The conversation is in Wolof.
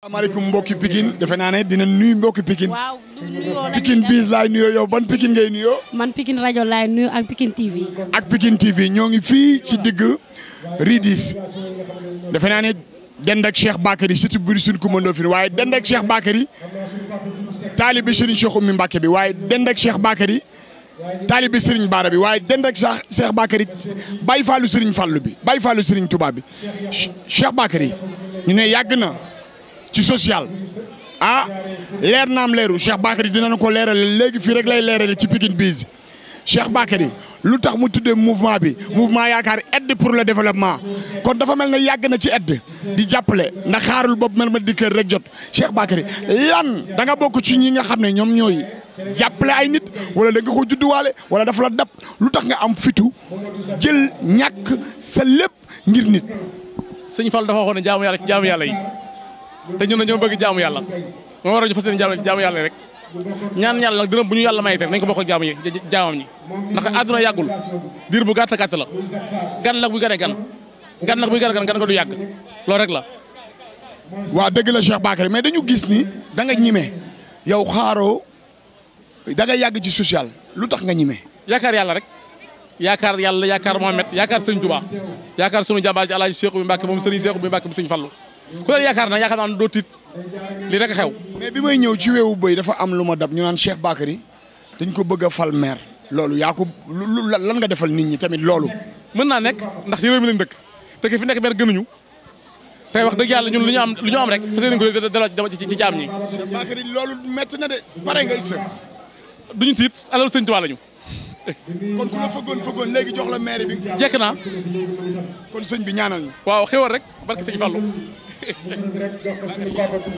asalaamaaleykum mbokki Pikine defe naa ne dina nuyu mbokki Pikine. waaw Pikine bis laay nuyoo yow ban Pikine ngay nuyoo. man Pikine rajo laay nuyu ak Pikine TV. ak Pikine TV ñoo ngi fii ci digg Ridis defe naa ne dend ak Cheikh Bakary surtout buri suñ ko mëndoo waaye dend seex Cheikh Bakary taalibe Serigne Cheikh Oumy Mbacké bi waaye dend ak Cheikh Bakary taalibe Serigne Bara bi waaye dend ak Cheikh bay Baye Fallou Serigne bi bay Fallou Serigne tubaab bi Cheikh Bakary ñu ne yàgg na. ci social ah leer naam leeru Cheikh Bakary dinañ ko leerale léegi fii rek lay leerale ci Pikine Biz Cheikh Bakary lu tax mu tuddee mouvement bi mouvement yaakaar aide pour le développement kon dafa mel ne yàgg na ci aide di jàppale ndax xaarul boobu mel ma di kër rek jot Cheikh Bakary lan da nga bokk ci ñi nga xam ne ñoom ñooy jàppale ay nit wala da nga ko judduwaale wala dafa la dab lu tax nga am fitu jël ñàkk sa lépp ngir nit. sëñ Fall dafa ne jaamu yàlla ci yàlla yi. te ñu dañoo bëgg jaamu yàlla moo waral ñu fas yéene jaamu yàlla rek ñaan yàlla nag dërëm bu ñu yàlla may itam nañ ko bokk jaamu yi jaamam ñi ndax àdduna yàggul diir bu gàtt gàtt la gan nag bu gën a gan gan nag bu gën a gan gan ko du yàgg loolu rek la waa dëgg la Cheikh Bakary mais dañu gis ni da nga ñime yow xaaroo da nga yàgg ci social lu tax nga ñime yaakaar yàlla rek yaakaar yàlla yaakaar Mohamed yaakaar Sëriñ Touba yaakaar sunu jàmbaar ji Alaaji Cheikh bi Mbàkke moom Sëriñ Cheikh bi ku leen yaakaar nag yaakaar naa doo tiit li rek xew. mais bi may ñëw ci weewu bëy dafa am lu ma dab ñu naan Cheikh Bakary dañ ko bëgg a fal meer loolu yaa ko lan nga defal nit ñi tamit loolu. mën naa nekk ndax ci réew mi lañ dëkk te fi nekk maire gënuñu tey wax dëgg yàlla ñun lu ñu am lu ñu am rek fas yéene ko delloo ci ci jaam ñi. Cheikh Bakary loolu métti na de pare nga sa duñu tiit alal sëñ Tuubaa lañu. kon ku la fëggoon fëggoon léegi jox la maire bi. jekk naa. kon sëñ bi ñaanal ñu. waaw xéwal rek barke sëñ Fallou. bu rek jox ko suñu